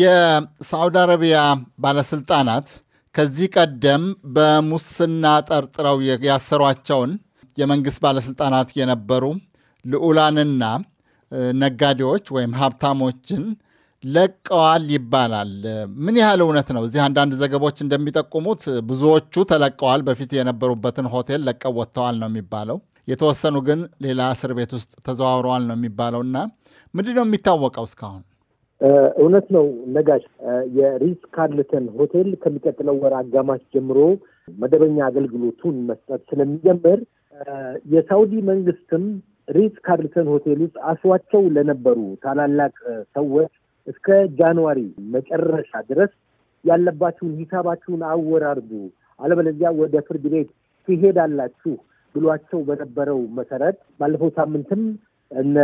የሳዑዲ አረቢያ ባለስልጣናት ከዚህ ቀደም በሙስና ጠርጥረው ያሰሯቸውን የመንግስት ባለስልጣናት የነበሩ ልዑላንና ነጋዴዎች ወይም ሀብታሞችን ለቀዋል ይባላል። ምን ያህል እውነት ነው? እዚህ አንዳንድ ዘገቦች እንደሚጠቁሙት ብዙዎቹ ተለቀዋል። በፊት የነበሩበትን ሆቴል ለቀው ወጥተዋል ነው የሚባለው። የተወሰኑ ግን ሌላ እስር ቤት ውስጥ ተዘዋውረዋል ነው የሚባለው እና ምንድን ነው የሚታወቀው እስካሁን? እውነት ነው ነጋሽ። የሪስ ካርልተን ሆቴል ከሚቀጥለው ወር አጋማሽ ጀምሮ መደበኛ አገልግሎቱን መስጠት ስለሚጀምር የሳውዲ መንግስትም ሪስ ካርልተን ሆቴል ውስጥ አስሯቸው ለነበሩ ታላላቅ ሰዎች እስከ ጃንዋሪ መጨረሻ ድረስ ያለባችሁን ሂሳባችሁን አወራርዱ፣ አለበለዚያ ወደ ፍርድ ቤት ትሄዳላችሁ ብሏቸው በነበረው መሰረት ባለፈው ሳምንትም እነ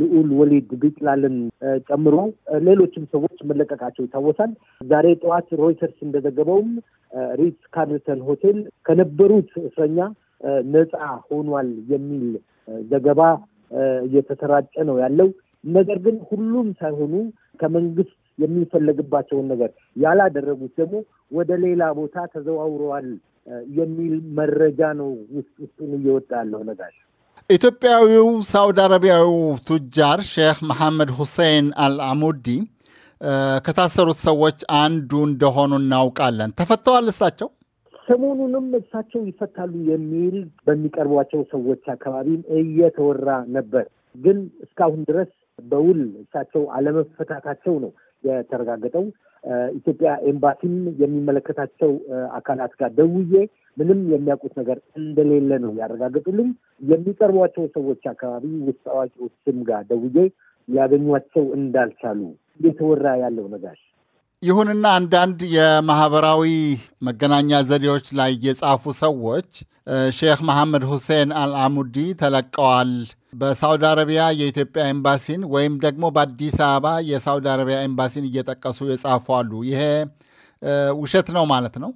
ልዑል ወሊድ ቢጥላልን ጨምሮ ሌሎችም ሰዎች መለቀቃቸው ይታወሳል። ዛሬ ጠዋት ሮይተርስ እንደዘገበውም ሪት ካርልተን ሆቴል ከነበሩት እስረኛ ነፃ ሆኗል የሚል ዘገባ እየተሰራጨ ነው ያለው። ነገር ግን ሁሉም ሳይሆኑ ከመንግስት የሚፈለግባቸውን ነገር ያላደረጉት ደግሞ ወደ ሌላ ቦታ ተዘዋውረዋል የሚል መረጃ ነው ውስጥ ውስጡን እየወጣ ያለው ነጋሽ። ኢትዮጵያዊው ሳውዲ አረቢያዊ ቱጃር ሼክ መሐመድ ሁሴን አልአሙዲ ከታሰሩት ሰዎች አንዱ እንደሆኑ እናውቃለን። ተፈተዋል እሳቸው ሰሞኑንም እሳቸው ይፈታሉ የሚል በሚቀርቧቸው ሰዎች አካባቢም እየተወራ ነበር። ግን እስካሁን ድረስ በውል እሳቸው አለመፈታታቸው ነው የተረጋገጠው። ኢትዮጵያ ኤምባሲም የሚመለከታቸው አካላት ጋር ደውዬ ምንም የሚያውቁት ነገር እንደሌለ ነው ያረጋገጡልኝ። የሚቀርቧቸው ሰዎች አካባቢ ውስጥ አዋቂዎችም ጋር ደውዬ ሊያገኟቸው እንዳልቻሉ እየተወራ ያለው ነጋሽ ይሁንና አንዳንድ የማህበራዊ መገናኛ ዘዴዎች ላይ የጻፉ ሰዎች ሼክ መሐመድ ሁሴን አልአሙዲ ተለቀዋል፣ በሳውዲ አረቢያ የኢትዮጵያ ኤምባሲን ወይም ደግሞ በአዲስ አበባ የሳውዲ አረቢያ ኤምባሲን እየጠቀሱ የጻፉ አሉ። ይሄ ውሸት ነው ማለት ነው?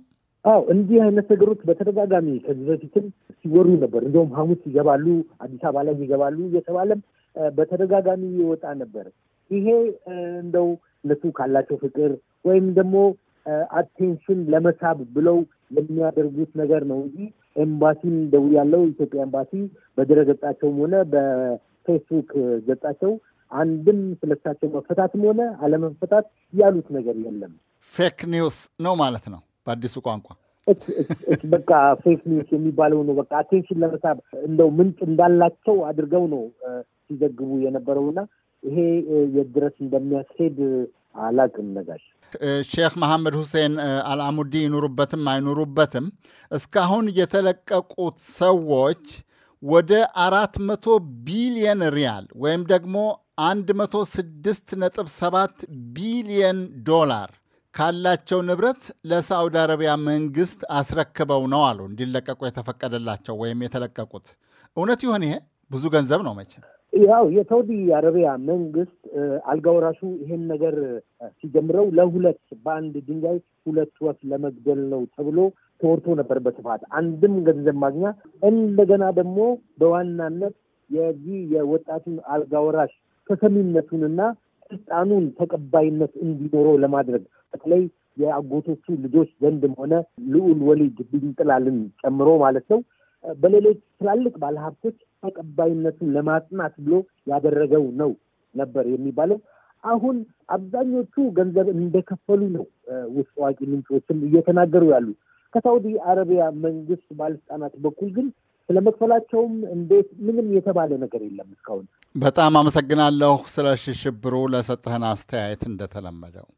አዎ እንዲህ አይነት ነገሮች በተደጋጋሚ ከዚህ በፊትም ሲወሩ ነበር። እንደውም ሐሙስ ይገባሉ፣ አዲስ አበባ ላይ ይገባሉ እየተባለም በተደጋጋሚ ይወጣ ነበር። ይሄ እንደው እነሱ ካላቸው ፍቅር ወይም ደግሞ አቴንሽን ለመሳብ ብለው የሚያደርጉት ነገር ነው እንጂ ኤምባሲን ያለው ኢትዮጵያ ኤምባሲ ገጻቸውም ሆነ በፌስቡክ ገጻቸው አንድም ስለሳቸው መፈታትም ሆነ አለመፈታት ያሉት ነገር የለም። ፌክ ኒውስ ነው ማለት ነው በአዲሱ ቋንቋ። በቃ ፌክ ኒውስ የሚባለው ነው። በቃ አቴንሽን ለመሳብ እንደው ምንጭ እንዳላቸው አድርገው ነው ሲዘግቡ የነበረውና ይሄ የት ድረስ እንደሚያስሄድ አላቅም ነጋሽ። ሼክ መሐመድ ሁሴን አልአሙዲ ይኑሩበትም አይኑሩበትም እስካሁን የተለቀቁት ሰዎች ወደ አራት መቶ ቢሊየን ሪያል ወይም ደግሞ አንድ መቶ ስድስት ነጥብ ሰባት ቢሊየን ዶላር ካላቸው ንብረት ለሳዑዲ አረቢያ መንግስት አስረክበው ነው አሉ እንዲለቀቁ የተፈቀደላቸው ወይም የተለቀቁት። እውነት ይሆን ይሄ? ብዙ ገንዘብ ነው መቼም ያው የሳውዲ አረቢያ መንግስት አልጋ ወራሹ ይሄን ነገር ሲጀምረው ለሁለት በአንድ ድንጋይ ሁለት ወፍ ለመግደል ነው ተብሎ ተወርቶ ነበር በስፋት አንድም ገንዘብ ማግኛ እንደገና ደግሞ በዋናነት የዚህ የወጣቱን አልጋ ወራሽ ተሰሚነቱንና ስልጣኑን ተቀባይነት እንዲኖረው ለማድረግ በተለይ የአጎቶቹ ልጆች ዘንድም ሆነ ልዑል ወሊድ ቢንጥላልን ጨምሮ ማለት ነው በሌሎች ትላልቅ ባለሀብቶች ተቀባይነቱን ለማጽናት ብሎ ያደረገው ነው ነበር የሚባለው። አሁን አብዛኞቹ ገንዘብ እንደከፈሉ ነው ውስጥ አዋቂ ምንጮችም እየተናገሩ ያሉ። ከሳውዲ አረቢያ መንግስት ባለስልጣናት በኩል ግን ስለ መክፈላቸውም እንዴት ምንም የተባለ ነገር የለም እስካሁን። በጣም አመሰግናለሁ ስለ ሽሽብሩ ለሰጠህን አስተያየት እንደተለመደው